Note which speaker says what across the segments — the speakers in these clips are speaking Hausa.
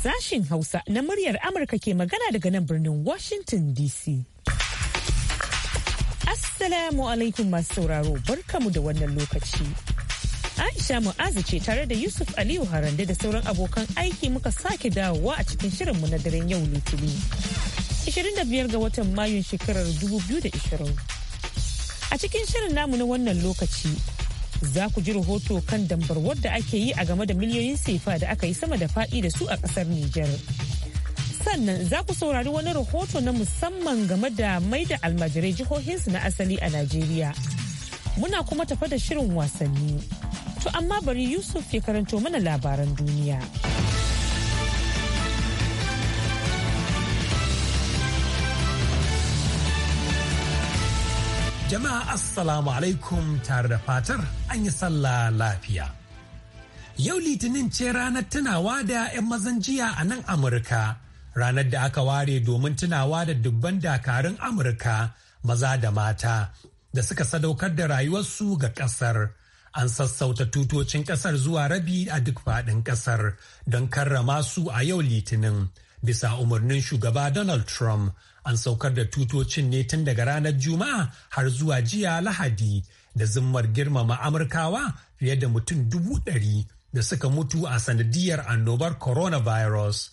Speaker 1: sashin Hausa na muryar Amurka ke magana daga nan birnin Washington DC. Assalamu alaikum masu sauraro barkamu da wannan lokaci. Aisha Mu'azu ce tare da Yusuf Aliyu Harande da sauran abokan aiki muka sake dawowa a cikin shirinmu na daren yau Litinin. 25 ga watan Mayun shekarar 2020. A cikin shirin namu na wannan lokaci za ku ji rahoto kan dambar wadda ake yi a game da miliyoyin sefa da aka yi sama da faɗi da su a ƙasar Nijar. Sannan za ku saurari wani rahoto na musamman game da mai da almajirai jihohinsu na asali a Najeriya. Muna kuma tafa da shirin wasanni. To amma bari Yusuf ke karanto mana labaran duniya.
Speaker 2: Jama'a Assalamu alaikum tare da fatar an yi sallah lafiya. Yau Litinin ce ranar tunawa da 'yan mazan jiya a nan Amurka, ranar da aka ware domin tunawa da dubban dakarun Amurka maza da mata da suka sadaukar da rayuwarsu ga ƙasar. An sassauta tutocin ƙasar zuwa rabi a duk faɗin ƙasar don karrama su a yau Litinin bisa umarnin shugaba Donald Trump an saukar da tutocin ne tun daga ranar juma'a har zuwa jiya lahadi da zimmar girmama amurkawa fiye da mutum dubu ɗari da suka mutu a sanadiyar annobar coronavirus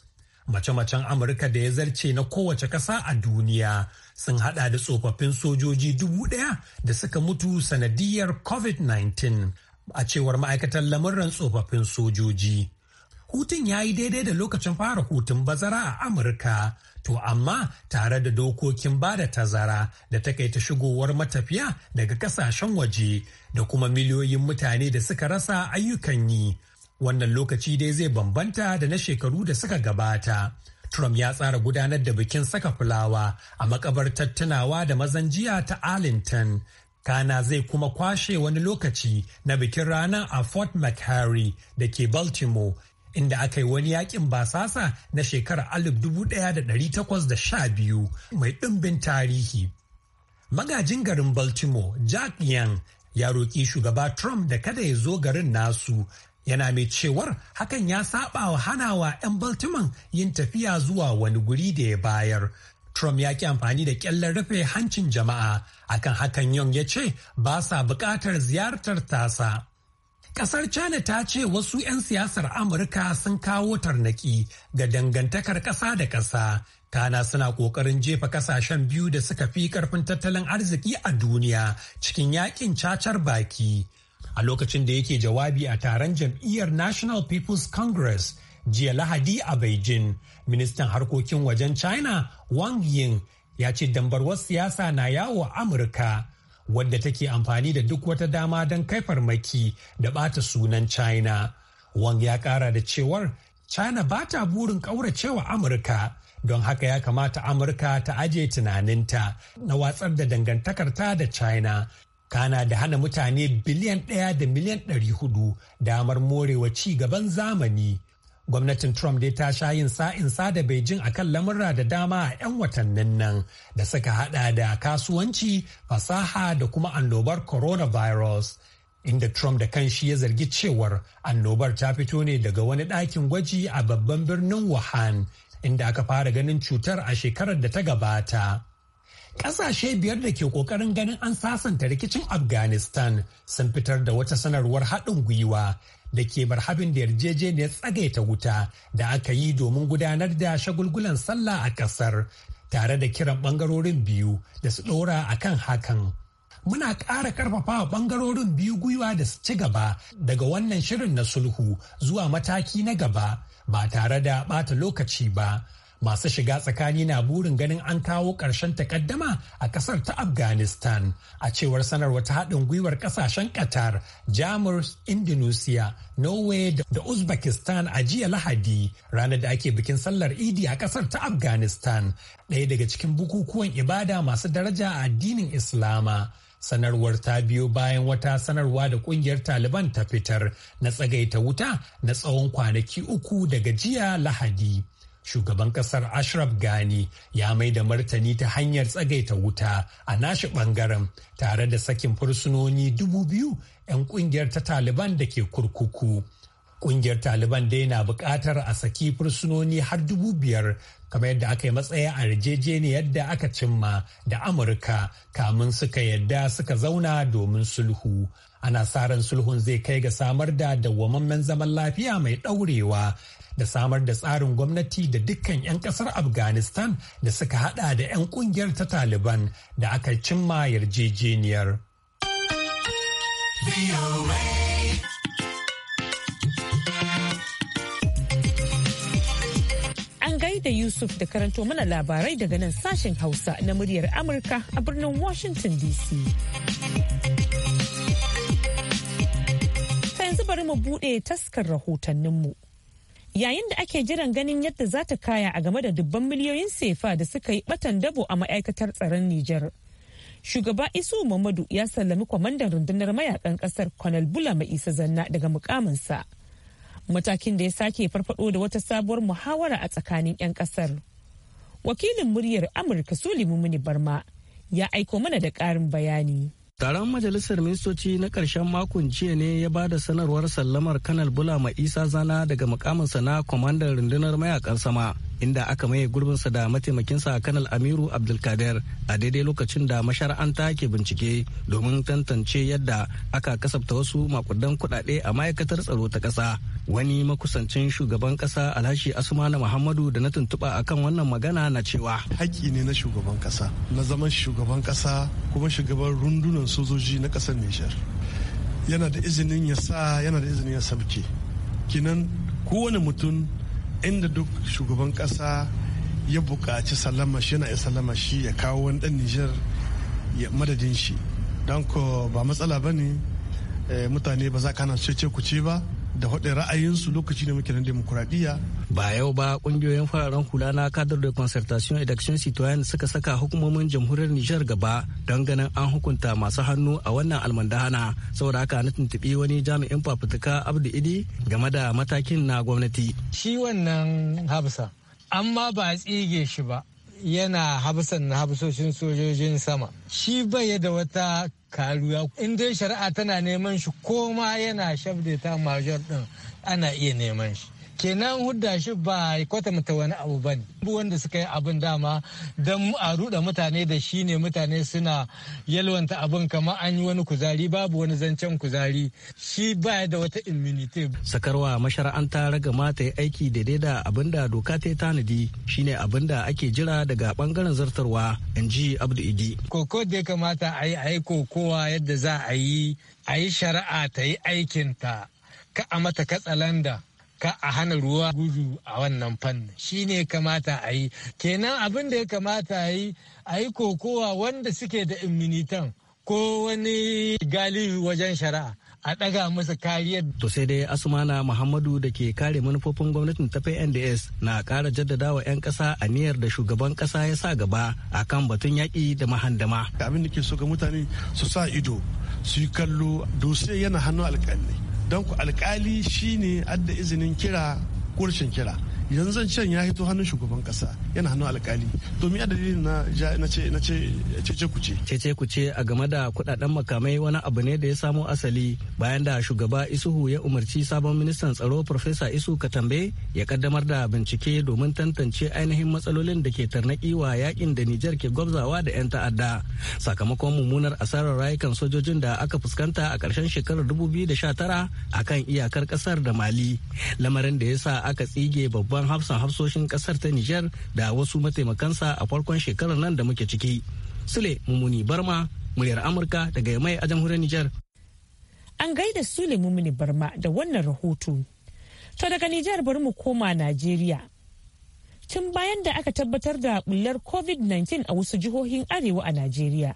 Speaker 2: mace-macen amurka da ya zarce na kowace ƙasa a duniya sun hada da tsofaffin sojoji dubu ɗaya da suka mutu sanadiyar covid-19 a cewar ma'aikatar lamurran tsofaffin sojoji hutun ya yi daidai da lokacin fara hutun bazara a amurka to amma tare da dokokin ba da tazara da takaita shigowar matafiya daga kasashen waje da kuma miliyoyin mutane da suka rasa ayyukan yi wannan lokaci dai zai bambanta da na shekaru da suka gabata Trump ya tsara gudanar da bikin saka fulawa a makabartar tunawa da mazan jiya ta Arlington. Kana zai kuma kwashe wani lokaci na bikin ranar a Fort McHenry da ke Baltimore inda aka yi wani yakin basasa na shekarar biyu. mai ɗimbin tarihi. Magajin garin Baltimore, Jack Young, ya roƙi shugaba Trump da kada ya zo garin nasu yana mai cewar hakan ya saba wa hanawa 'yan Baltimore yin tafiya zuwa wani guri da ya bayar. Trump ya ki amfani da ƙyallar rufe hancin jama'a akan hakan yau, ya ce ba sa buƙatar ziyartar tasa. Kasar China ta ce wasu 'yan siyasar Amurka sun kawo tarnaki ga dangantakar ƙasa da ƙasa. Kana suna ƙoƙarin jefa ƙasashen biyu da suka fi ƙarfin tattalin arziki a duniya cikin yakin cacar baki. A lokacin da yake jawabi a taron jam'iyyar National People's Congress jiya Lahadi a Beijing, ministan harkokin wajen China Wang Ying ya ce dambarwar siyasa na yawo Amurka. wadda take amfani da duk wata dama don kai farmaki da bata sunan china wang ya kara da cewar china ba ta burin kauracewa amurka don haka ya kamata amurka ta aje tunaninta na watsar da dangantakarta da china kana da hana mutane biliyan ɗaya da miliyan ɗari hudu damar morewa ci gaban zamani Gwamnatin Trump dai ta sha yin sa'in da Beijing a kan lamurra da dama a 'yan watannin nan da suka hada da kasuwanci, fasaha da kuma annobar coronavirus. Inda Trump da kanshi ya zargi cewar annobar ta fito ne daga wani ɗakin gwaji a babban birnin Wuhan, inda aka fara ganin cutar a shekarar da ta gabata. Ƙasashe biyar da ke ƙoƙarin ganin an sasanta rikicin Afghanistan sun fitar da wata sanarwar haɗin gwiwa da ke marhabin da yarjejeniyar tsagaita wuta da aka yi domin gudanar da shagulgulan sallah a kasar tare da kiran bangarorin biyu da su ɗora a kan hakan. Muna ƙara ƙarfafa bangarorin biyu gwiwa da su ci gaba daga wannan shirin na sulhu zuwa mataki na gaba ba tare da ɓata lokaci ba masu shiga tsakani na burin ganin an kawo ƙarshen takaddama a ƙasar ta afghanistan a cewar sanarwa ta haɗin gwiwar ƙasashen qatar jamus indonesia norway da uzbekistan a jiya lahadi ranar da ake bikin sallar idi a ƙasar ta afghanistan ɗaya daga cikin bukukuwan ibada masu daraja a addinin islama sanarwar ta biyo bayan wata sanarwa da kungiyar taliban ta fitar na tsagaita wuta na tsawon kwanaki uku daga jiya lahadi shugaban kasar Ashraf Gani ya mai da martani ta hanyar tsagaita wuta a nashi bangaren tare da sakin fursunoni dubu biyu 'yan kungiyar ta Taliban da ke kurkuku. Kungiyar Taliban dai na bukatar a saki fursunoni har dubu biyar kamar yadda aka yi matsaya a yarjejeniyar yadda aka cimma da Amurka kamun suka yadda suka zauna domin sulhu. ana sa ran sulhun zai kai ga samar da dawwamammen zaman lafiya mai ɗaurewa da samar da tsarin gwamnati da dukkan 'yan kasar afghanistan da suka hada da 'yan kungiyar ta taliban da aka cimma yarjejeniyar
Speaker 1: an gaida yusuf da karanto mana labarai daga nan sashen hausa na muryar amurka a birnin washington dc yanzu bari mu buɗe taskar rahotanninmu yayin da ake jiran ganin yadda za ta kaya a game da dubban miliyoyin sefa da suka yi batan dabo a ma'aikatar tsaron Nijar. Shugaba Isu Muhammadu ya sallami kwamandan rundunar mayakan kasar Kwanal Bula mai isa zanna daga mukaminsa. Matakin da ya sake farfado da wata sabuwar muhawara a tsakanin 'yan kasar. Wakilin muryar Amurka Sulimu Muni Barma ya aiko mana da ƙarin bayani.
Speaker 3: Taron Majalisar Ministoci na ƙarshen makon jiya ne ya ba da sanarwar sallamar Kanal Bula ma Isa Zana daga mukaminsa na kwamandan rundunar mayakan sama, inda aka maye gurbinsa da mataimakinsa Kanal Amiru Abdulkader a daidai lokacin da mashara'anta ke bincike domin tantance yadda aka kasafta wasu makudan kuɗaɗe a ma'aikatar tsaro ta ƙasa. Wani makusancin shugaban ƙasa Alhashi Asmana Muhammadu da na tuntuɓa akan wannan magana na cewa. Haƙƙi ne na shugaban ƙasa, na zaman shugaban ƙasa kuma shugaban rundunar sojoji na kasar nijar yana da izinin ya sa yana da izinin ya sabke kinan kowane mutum inda duk shugaban kasa ya buƙaci sallama shi yana ya sallama shi ya kawo wani ɗan nijar ya madadin shi don ko ba matsala ba ne eh, mutane ba za ka na ce ku ce ba da haɗe ra'ayinsu lokaci ne muke na demokuraɗiyya. Ba yau ba ƙungiyoyin fararen hula na kadar da concertation et action citoyen suka saka hukumomin jamhuriyar Nijar gaba don ganin an hukunta masu hannu a wannan almandahana saboda haka na tuntuɓi wani jami'in fafutuka Abdu Idi game da matakin na gwamnati. Shi wannan Hafsa, amma ba a tsige shi ba. yana habsan na habsoshin sojojin sama shi bai da wata karuwa in dai shari'a tana neman shi ko ma yana shabda major din ana iya neman shi kenan hudda shi ba kwatanta wani abu bane wanda suka yi abin dama don a ruɗa mutane da shi ne mutane suna yalwanta abin kamar an yi wani kuzari babu wani zancen kuzari shi baya da wata immunity sakarwa mashara'anta raga mata yi aiki daidai da abin da doka ta tanadi shine abin da ake jira daga bangaren zartarwa in ji abdu idi koko da ya kamata a yi a yi kokowa yadda za a yi a yi shari'a ta yi aikinta ka a mata katsalanda ka a hana ruwa gudu a wannan fannin shi ne kamata a yi kenan abin da ya kamata a yi a yi kokowa wanda suke da immunitan ko wani galibi wajen shari'a a ɗaga musu kariyar. To sai dai Asumana Muhammadu da ke kare manufofin gwamnatin ta NDS na ƙara jaddadawa 'yan ƙasa a aniyar da shugaban ƙasa ya sa gaba a kan batun yaƙi da mahandama. Abin da ke so ga mutane su sa ido su yi kallo dose yana hannun alƙalai. don ku alkali shine adda izinin kira kurshin kira yanzu zancen ya hito hannun shugaban kasa yana hannun alkali to me dalilin na na ce na ce cece kuce cece kuce a game da kudaden makamai wani abu ne da ya samo asali bayan da shugaba Isuhu ya umarci sabon ministan tsaro Professor Isu Katambe ya kaddamar da bincike domin tantance ainihin matsalolin da ke tarnaki wa yakin da Nijar ke gwabzawa da 'yan ta'adda sakamakon mummunar asarar rayukan sojojin da aka fuskanta a karshen shekarar 2019 akan iyakar kasar da Mali lamarin da ya sa aka tsige babban babban hafsa hafsoshin kasar ta Nijar da wasu mataimakansa a farkon shekarar nan da muke ciki. Sule Mumuni Barma, muryar Amurka daga Yamai
Speaker 1: a jamhuriyar Nijar. An gaida Sule Mumuni Barma da wannan rahoto. To daga Nijar bari mu koma Najeriya. Tun bayan da aka tabbatar da bullar COVID-19 a wasu jihohin Arewa a Najeriya.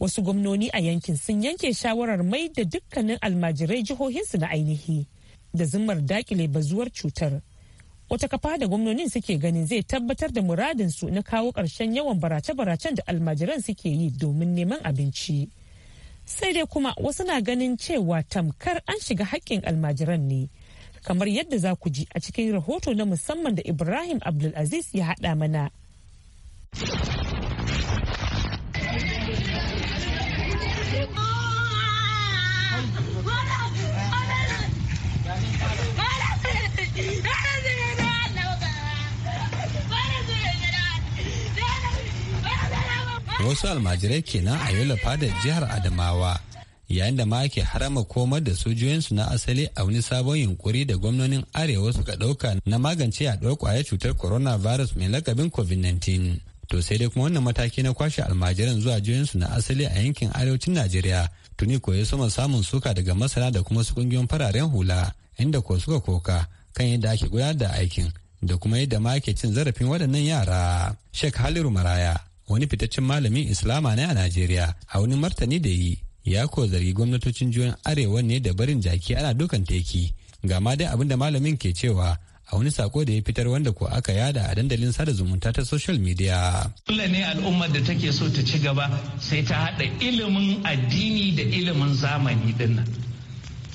Speaker 1: Wasu gwamnoni a yankin sun yanke shawarar mai da dukkanin almajirai jihohinsu na ainihi da zumar dakile bazuwar cutar. wata kafa da gwamnonin suke ganin zai tabbatar da muradin su na kawo ƙarshen yawan barace-baracen da almajiran suke yi domin neman abinci. Sai dai kuma wasu na ganin cewa tamkar an shiga hakkin almajiran ne. Kamar yadda za ku ji a cikin rahoto na musamman da Ibrahim Abdulaziz ya haɗa mana.
Speaker 4: wasu almajirai kenan a yola fadar jihar adamawa yayin da ma ke harama komar da sojojinsu na asali a wani sabon yunkuri da gwamnonin arewa suka ɗauka na magance a kwayar cutar coronavirus mai lakabin covid-19 to sai dai kuma wannan mataki na kwashe almajiran zuwa jiyoyinsu na asali a yankin arewacin najeriya tuni ko ya samun suka daga masana da kuma su kungiyoyin fararen hula inda ko suka koka kan yadda ake gudanar da aikin da kuma yadda ma ke cin zarafin waɗannan yara shek haliru maraya wani fitaccen malamin islama ne a najeriya a wani martani da yi ya ko zargi gwamnatocin juyan arewa ne da barin jaki ana dukan teki ga ma dai abinda malamin ke cewa a wani sako da ya fitar wanda ko aka yada a dandalin sada zumunta ta social media.
Speaker 5: Kula ne al'ummar da take so ta ci gaba sai ta haɗa ilimin addini da ilimin zamani din nan.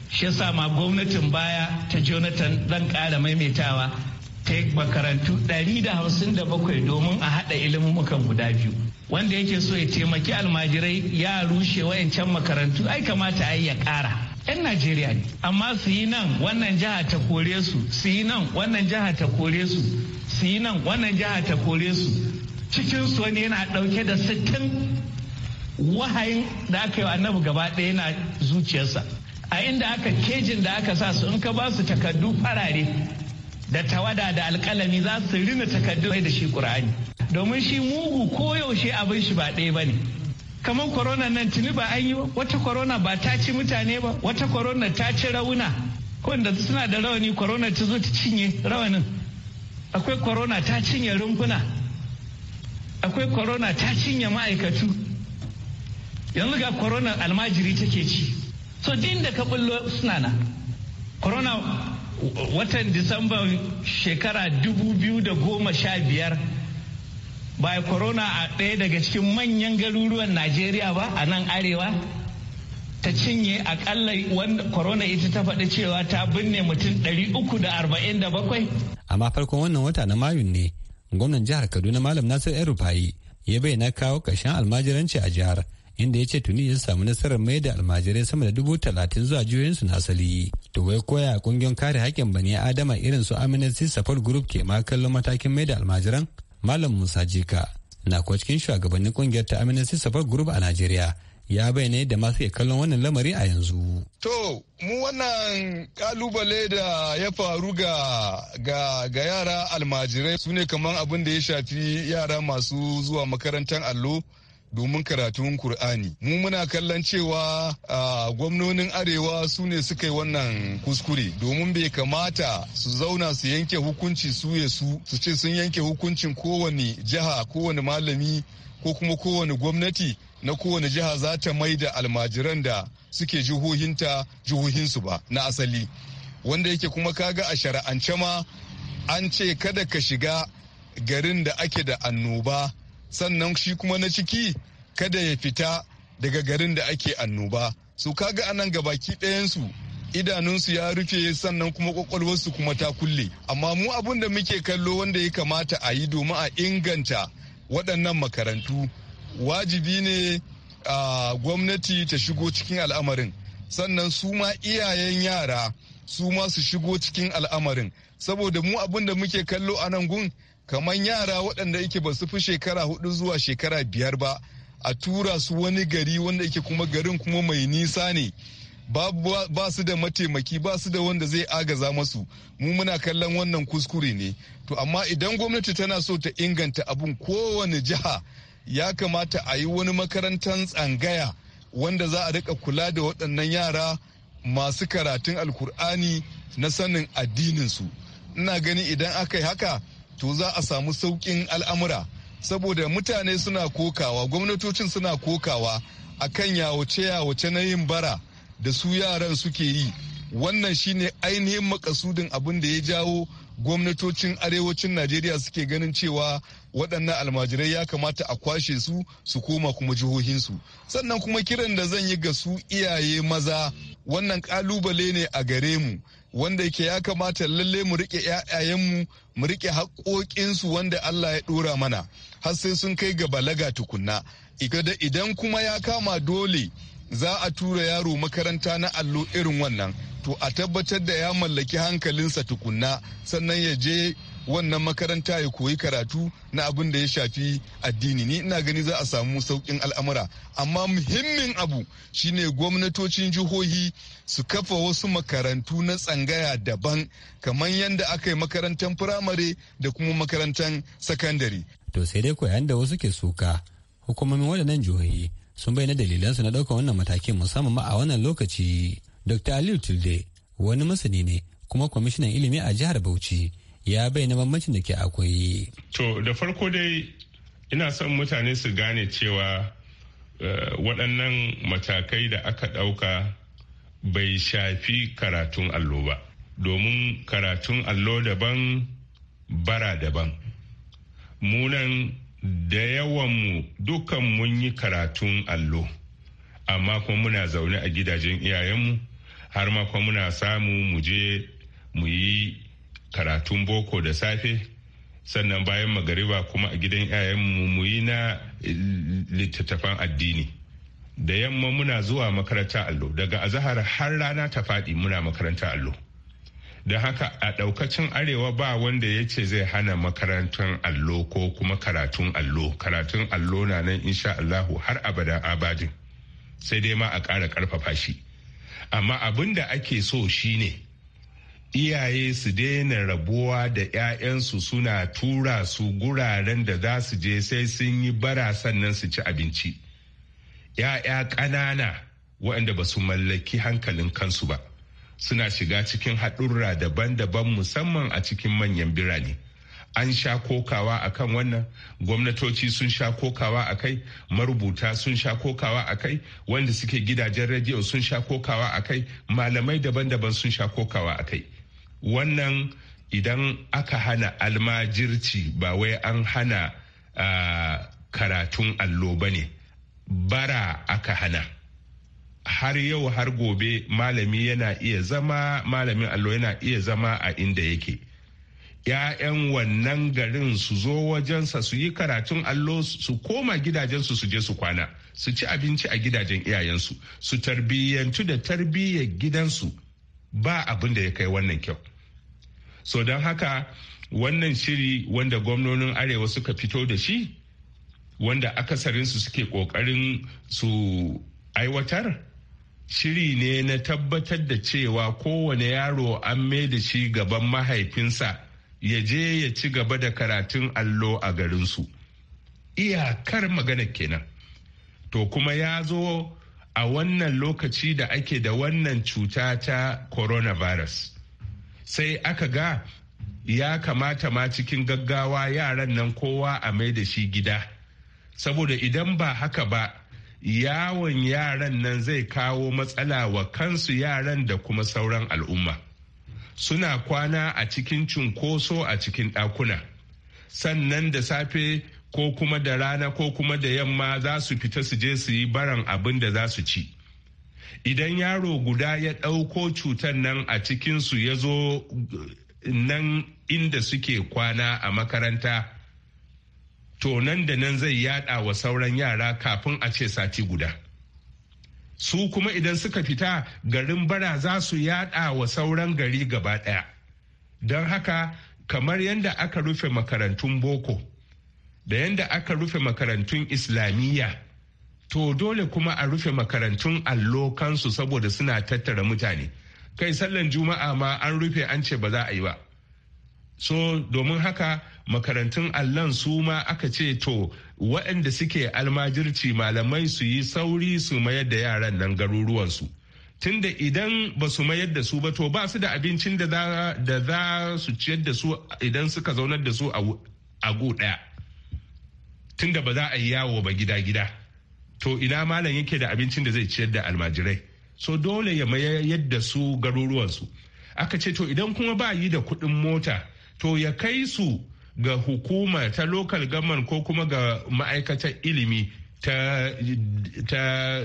Speaker 5: Shi yasa ma gwamnatin baya ta Jonathan zan ƙara maimaitawa ta makarantu ɗari da da 157 domin a haɗa ilimukan guda biyu wanda yake so ya taimaki almajirai ya rushe wayancan makarantu ai kamata ai ya ƙara 'yan Najeriya ne amma su yi nan wannan jiha ta kore su su yi nan wannan jiha ta kore su su yi nan wannan jiha ta kore su cikin su wani yana ɗauke da sittin wahayin da aka yi annabi gaba ɗaya yana zuciyarsa a inda aka kejin da aka sa su in ka ba su takardu farare da tawada da alkalami za su rina takardu da shi ƙur'ani domin shi mugu koyaushe abin shi ba ɗaya ba ne kamar korona nan tuni ba an yi wata korona ba ta ci mutane ba wata korona ta ci rauna wanda suna da rawani korona ta zo ta cinye rawanin akwai korona ta cinye rumfuna akwai korona ta cinye ma'aikatu yanzu ga korona almajiri take ci so din da ka bullo suna na korona watan disamba shekara dubu biyu da goma sha biyar ba corona a ɗaya daga cikin manyan garuruwan najeriya ba a nan arewa ta cinye akalla wanda corona ita ta faɗi cewa ta binne mutum ɗari uku da
Speaker 4: arba'in 347 amma farkon wannan wata na mayun ne gwamnan jihar kaduna malam nasir yan rufayi ya bayyana kawo ƙarshen almajiranci a jihar inda ya ce tuni ya samu nasarar mai da almajirai sama da dubu talatin zuwa juyoyinsu na asali to wai koya kungiyar kare haƙƙin bani adama irin su amnesty support group ke ma kallon matakin mai da almajiran malam musa jika na kuwa cikin shugabannin kungiyar ta amnesty support group a najeriya ya bayyana yadda masu ke kallon
Speaker 6: wannan lamari a
Speaker 7: yanzu.
Speaker 6: To, mu wannan kalubale da ya faru ga, ga, ga yara almajirai su ne kamar abin da ya shafi yara masu zuwa makarantar allo domin karatun Kur'ani. Mu muna kallon cewa gwamnonin Arewa su ne suka yi wannan kuskure domin bai kamata su zauna su yanke hukunci su ya su su ce sun yanke hukuncin kowane jiha kowane malami ko kuma kowane gwamnati na kowane jiha za ta mai da almajiran da suke jihohinta jihohinsu ba na asali wanda yake kuma kaga a shari'ance ma an ce kada ka shiga garin da ake da annoba sannan shi kuma na ciki kada ya fita daga garin da ake annoba su kaga anan baki ɗayansu idanunsu ya rufe sannan kuma kwakwalwarsu kuma ta kulle amma mu abun da muke kallo wanda ya kamata a yi domin a inganta waɗannan makarantu wajibi ne a gwamnati ta shigo cikin al'amarin sannan su ma iyayen yara su ma su shigo cikin al'amarin saboda mu abin da muke kallo a nan gun kamar yara waɗanda yake ba su fi shekara hudu zuwa shekara biyar ba a tura su wani gari wanda yake kuma garin kuma mai nisa ne ba su da mataimaki ba su da wanda zai agaza masu mu muna kallon wannan kuskure ne to amma idan gwamnati tana so ta inganta abun kowane jiha ya kamata a yi wani makarantar tsangaya wanda za a rika kula da waɗannan yara masu karatun alkur'ani na sanin addininsu ina gani idan aka yi haka to za a samu saukin al'amura saboda mutane suna kokawa gwamnatocin suna kokawa a kan yawace-yawace na yin bara da su yaran suke yi wannan shine ainihin makasudin abin da ya jawo gwamnatocin arewacin najeriya suke ganin cewa waɗannan almajirai ya kamata a kwashe su su koma kuma jihohinsu sannan kuma kiran da zan yi ga su iyaye maza wannan ƙalubale ne a gare mu wanda yake ya kamata lalle mu rike ‘ya'yayenmu mu rike haƙoƙinsu wanda Allah ya ɗora mana har sai sun kai ga balaga tukunna idan kuma ya kama dole za a tura yaro makaranta na allo irin wannan to a tabbatar da ya mallaki hankalinsa tukunna sannan ya je wannan makaranta ya koyi karatu na abin da ya shafi addini ni ina gani za a samu sauƙin al'amura amma muhimmin abu shine gwamnatocin jihohi su kafa wasu makarantu na tsangaya daban kamar yadda aka yi makarantar firamare da kuma makarantar sakandare. to sai dai koyan da wasu ke suka
Speaker 4: hukumomin waɗannan jihohi sun bayyana dalilansu na ɗaukar wannan matakin musamman ma a wannan lokaci dr aliyu tilde wani masani ne kuma kwamishinan ilimi a jihar bauchi ya bayyana bambancin da ke akwai. To da farko dai
Speaker 8: ina son mutane su gane cewa eh, waɗannan matakai da aka ɗauka bai shafi karatun allo ba domin karatun allo daban bara daban. Munan da yawanmu dukan mun yi karatun allo amma kuma muna zaune a gidajen iyayenmu har ma kuma muna samu mu je mu yi karatun boko da safe sannan bayan magariba kuma a gidan yayan mu yi na littattafan addini da yamma muna zuwa makaranta allo daga azahar har rana ta faɗi muna makaranta allo da haka a ɗaukacin arewa ba wanda ya ce zai hana makarantar allo ko kuma karatun allo karatun allo na nan insha allahu har abada abadin sai dai ma a ƙara ƙarfafa shi amma abin da ake so shine iyaye su daina rabuwa da 'ya'yansu suna tura su guraren da za su je sai sun yi bara sannan su ci abinci 'ya'ya ƙanana waɗanda ba su mallaki hankalin kansu ba suna shiga cikin haɗurra daban-daban musamman a cikin manyan birane an sha kokawa a kan wannan gwamnatoci sun sha kokawa a kai marubuta sun sha kokawa a kai wanda suke gidajen rediyo sun sha kokawa a kai malamai daban-daban sun sha kokawa a kai wannan idan aka hana almajirci ba wai an hana karatun allo ba ne bara aka hana har yau har gobe malami yana iya zama malamin allo yana iya zama a inda yake ‘ya'yan wannan garin su zo wajensa su yi karatun allo su koma gidajensu su je su kwana su ci abinci a gidajen iyayensu su tarbiyyantu da tarbiyyar gidansu ba abin da ya kai wannan kyau so don haka wannan shiri wanda gwamnonin arewa suka fito da shi wanda akasarinsu suke kokarin su aiwatar shiri ne na tabbatar da cewa kowane yaro an da shi gaban mahaifinsa ya je ya ci gaba da karatun allo a garinsu iyakar magana kenan to kuma ya zo a wannan lokaci da ake da wannan cuta ta coronavirus sai aka ga ya kamata ma cikin gaggawa yaran nan kowa a mai da shi gida saboda idan ba haka ba yawon yaran nan zai kawo matsala wa kansu yaran da kuma sauran al'umma suna kwana a cikin cunkoso a cikin ɗakuna sannan da safe ko kuma da rana ko kuma da yamma za su fita su je su yi baran abin da za su ci idan yaro guda ya ɗauko cutar nan a cikinsu ya zo eh, nan inda suke kwana a makaranta to nan da nan zai yaɗa wa sauran yara kafin a ce sati guda su kuma idan suka fita garin bara za su yaɗa wa sauran gari gaba ɗaya don haka kamar yadda aka rufe makarantun boko da yadda aka rufe makarantun islamiyya to dole kuma a rufe makarantun allo kansu saboda suna tattara mutane kai sallan juma'a ma an rufe an ce ba za a yi ba so domin haka makarantun allon su ma aka ce to waɗanda suke almajirci malamai su yi sauri su mayar da yaran nan garuruwansu tunda idan ba su mayar da su ba to ba su da abincin da za su ciyar da su idan suka zaunar da su a gu ɗaya tunda ba za a yi yawo ba gida-gida to ina malam yake da abincin da zai ciyar da almajirai so dole ya mayar yadda su garuruwansu aka ce to idan kuma ba yi da kuɗin mota to ya kai su ga hukuma ta lokal government ko kuma ga ma'aikatar ilimi ta, ta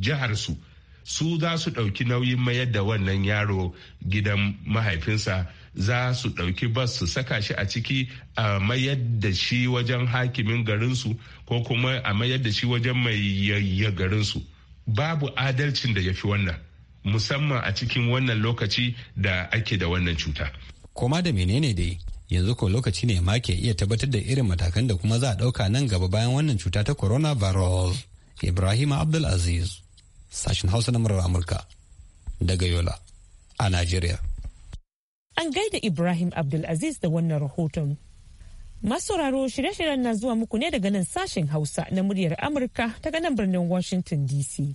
Speaker 8: jiharsu su za su ɗauki nauyin mayar da wannan yaro gidan mahaifinsa za su ɗauki bas su saka shi a ciki a mayar da shi wajen hakimin garinsu ko kuma a mayar da shi wajen mai yayya garinsu babu adalcin da ya
Speaker 4: fi wannan musamman a cikin wannan lokaci da ake da wannan cuta. Koma da menene dai yanzu ko lokaci ne ma ke iya tabbatar da irin matakan da kuma za a ɗauka nan gaba bayan wannan cuta ta corona coronavirus. Ibrahim Abdulaziz, sashen Hausa na murar Amurka, daga Yola, a Najeriya.
Speaker 1: An gaida Ibrahim Abdulaziz da wannan rahoton. masu raro shirye-shiryen na zuwa muku ne daga nan sashen Hausa na muryar Amurka daga nan birnin Washington DC.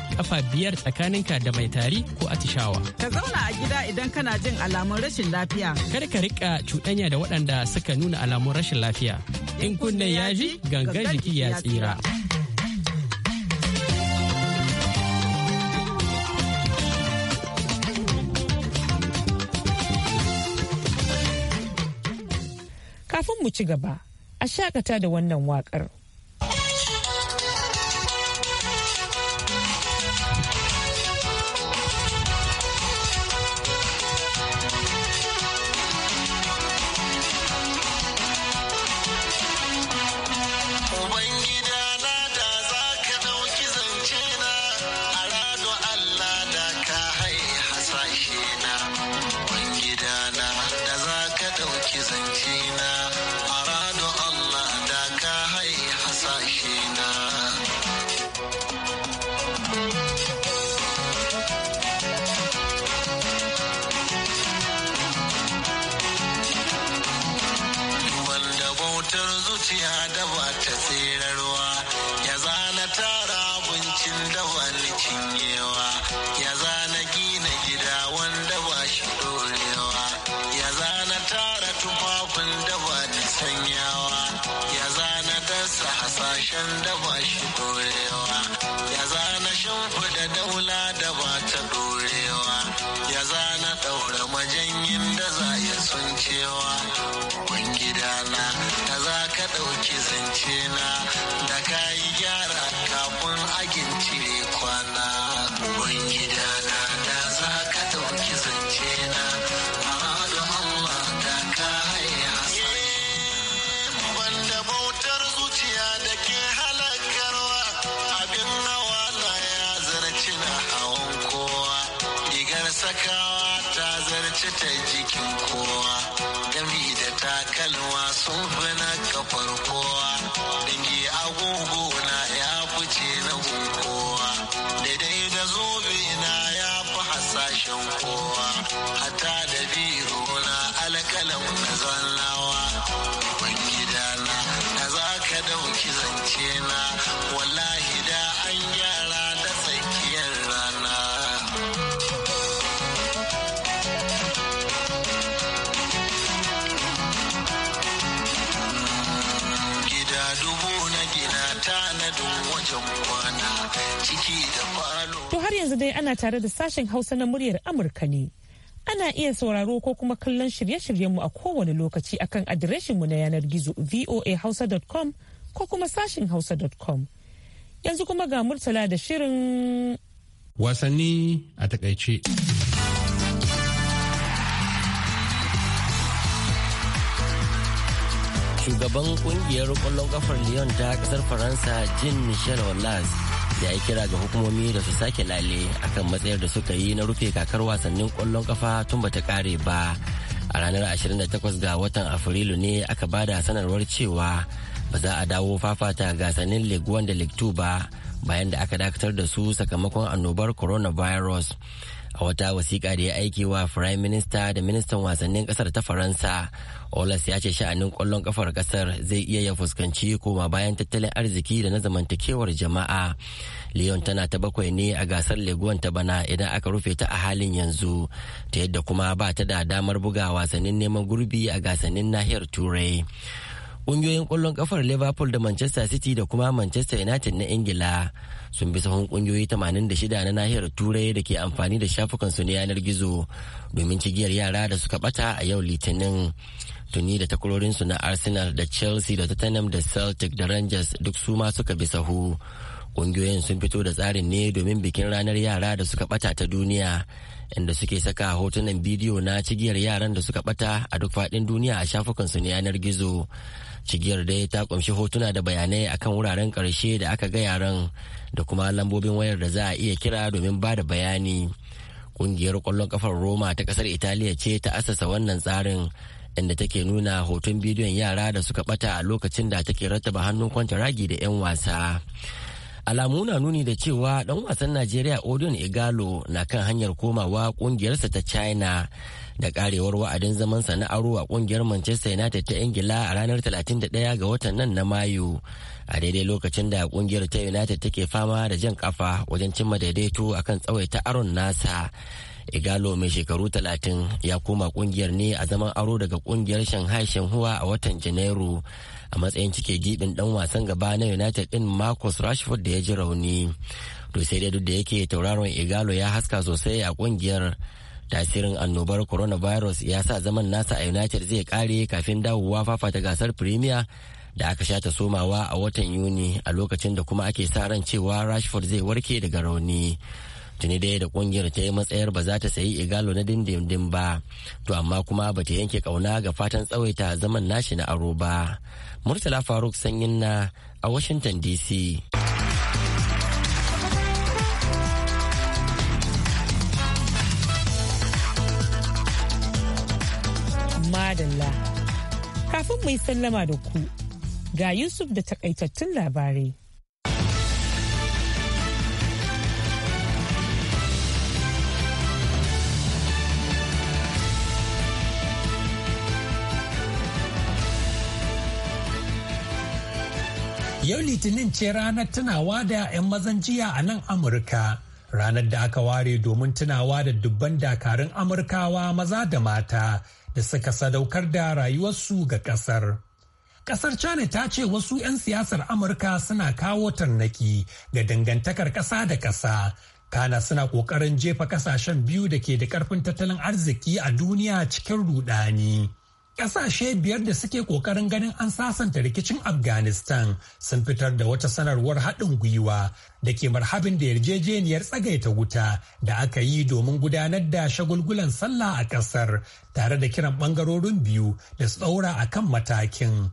Speaker 3: kafa biyar tsakaninka da mai tari ko atishawa. Ka zauna a gida idan kana jin alamun rashin lafiya. kar ka rika cuɗanya da waɗanda suka nuna alamun rashin lafiya. In kunne ya ji gangan jiki ya tsira.
Speaker 1: Kafin mu ci gaba, a shakata da wannan waƙar.
Speaker 7: dingin da za ya sun cewa gidana, ta za ka ɗauki zance na KG
Speaker 1: To har yanzu dai ana tare da sashen Hausa na muryar Amurka ne. Ana iya sauraro ko kuma kallon shirye-shiryenmu a kowane lokaci akan adireshinmu na yanar gizo voahausa.com ko kuma sashen hausa.com. Yanzu kuma ga Murtala da shirin
Speaker 4: wasanni a takaice.
Speaker 9: shugaban kungiyar kwallon kafar lyon ta kasar faransa jean michel hollas ya yi kira ga hukumomi da su sake lale akan matsayar da suka yi na rufe kakar wasannin kwallon kafa tun bata kare ba a ranar 28 ga watan afrilu ne aka bada sanarwar cewa ba za a dawo fafata gasannin league 1 da league 2 ba bayan da aka dakatar da su sakamakon annobar coronavirus a wata wasiƙa da ya aiki wa firayim minista da ministan wasannin ƙasar ta faransa olas ya ce sha'anin ƙwallon ƙafar ƙasar zai iya ya fuskanci koma bayan tattalin arziki da na zamantakewar jama'a leon tana ta bakwai ne a gasar leguwan ta bana idan aka rufe ta a halin yanzu ta yadda kuma ba ta da damar buga wasannin neman gurbi a gasannin nahiyar turai ƙungiyoyin ƙwallon ƙafar liverpool da manchester city da kuma manchester united na ingila sun bi sahun ƙungiyoyi 86 na nahiyar turai da ke amfani da shafukan su na yanar gizo domin cigiyar yara da suka bata a yau litinin tuni da takwarorinsu na arsenal da chelsea da tottenham da celtic da rangers duk su ma suka bi sahu ƙungiyoyin sun fito da tsarin ne domin bikin ranar yara da suka bata ta duniya inda suke saka hotunan bidiyo na cigiyar yaran da suka bata a duk faɗin duniya a su na yanar gizo cigiyar dai ta kunshi hotuna da bayanai akan wuraren karshe da aka ga yaran da kuma lambobin wayar da za a iya kira domin ba da bayani kungiyar kwallon kafar roma ta kasar italiya ce ta asasa wannan tsarin inda take nuna hoton bidiyon yara da suka bata a lokacin da take rattaba hannun kwanta ragi da 'yan wasa alamu na nuni da cewa dan wasan najeriya odion igalo na kan hanyar komawa kungiyarsa ta china da karewar wa'adin zaman na aro a kungiyar manchester united ta ingila a ranar 31 ga watan nan na mayu a daidai lokacin da kungiyar ta united take fama da jan kafa wajen cimma daidaito akan tsawaita aron nasa igalo mai shekaru 30 ya koma kungiyar ne a zaman aro daga kungiyar shanghai shanhua a watan janairu a matsayin cike gibin dan wasan gaba na united din marcus rashford da ya ji rauni to sai dai duk da yake tauraron igalo ya haska sosai a kungiyar tasirin annobar coronavirus ya sa zaman nasa a united zai kare kafin dawowa fafata gasar premier da aka sha ta somawa a watan yuni a lokacin da kuma ake sa ran cewa rashford zai warke daga rauni tuni dai da kungiyar ta yi matsayar ba za ta sayi igalo na dindindin ba to amma kuma ba ta yanke kauna ga fatan tsawaita zaman nashi na aro ba murtala faruk sanyin na a washington dc
Speaker 1: madalla kafin mai sallama da ku ga yusuf da takaitattun labarai
Speaker 2: Yau Litinin ce ranar tunawa da 'yan mazan jiya a nan Amurka. Ranar da aka ware domin tunawa da dubban dakarun Amurkawa maza da mata da suka sadaukar da rayuwarsu ga ƙasar. Ƙasar China ta ce wasu 'yan siyasar Amurka suna kawo tarnaki ga dangantakar ƙasa da ƙasa. Kana suna ƙoƙarin jefa ƙasashen biyu da ke da ƙarfin tattalin arziki a duniya cikin rudani. Ƙasashe biyar da suke ƙoƙarin ganin an sasanta rikicin Afghanistan sun fitar da wata sanarwar haɗin gwiwa da ke marhabin da yarjejeniyar tsagaita wuta da aka yi domin gudanar da shagulgulan sallah a ƙasar tare da kiran ɓangarorin biyu da su ɗaura a kan matakin.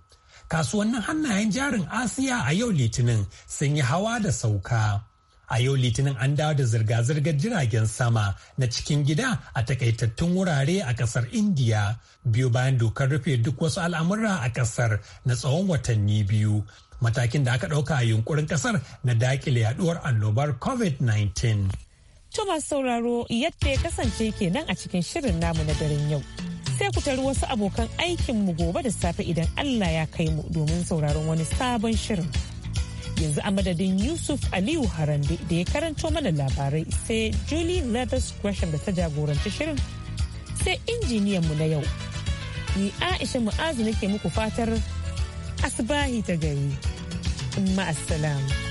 Speaker 2: Kasuwannin hannayen jarin Asiya a yau Litinin sun yi hawa da sauka. A yau Litinin an dawo da zirga-zirgar jiragen sama na cikin gida a takaitattun wurare a kasar Indiya biyu bayan dokar rufe duk wasu al'amura a kasar na tsawon watanni biyu. Matakin da aka ɗauka a yunkurin kasar na dakile yaduwar annobar COVID-19.
Speaker 1: Tuma sauraro yadda ya kasance kenan a cikin shirin namu na daren yau. sai ku tari wasu abokan aikinmu gobe da safe idan Allah ya kai mu domin sauraron wani sabon shirin. yanzu a madadin yusuf aliyu harande da ya karanto mana labarai sai julie leathers gresham da ta jagoranci shirin sai injiniyan mu na yau ni aisha mu'azu nake muku fatar asbahi ta gari ma'asalamu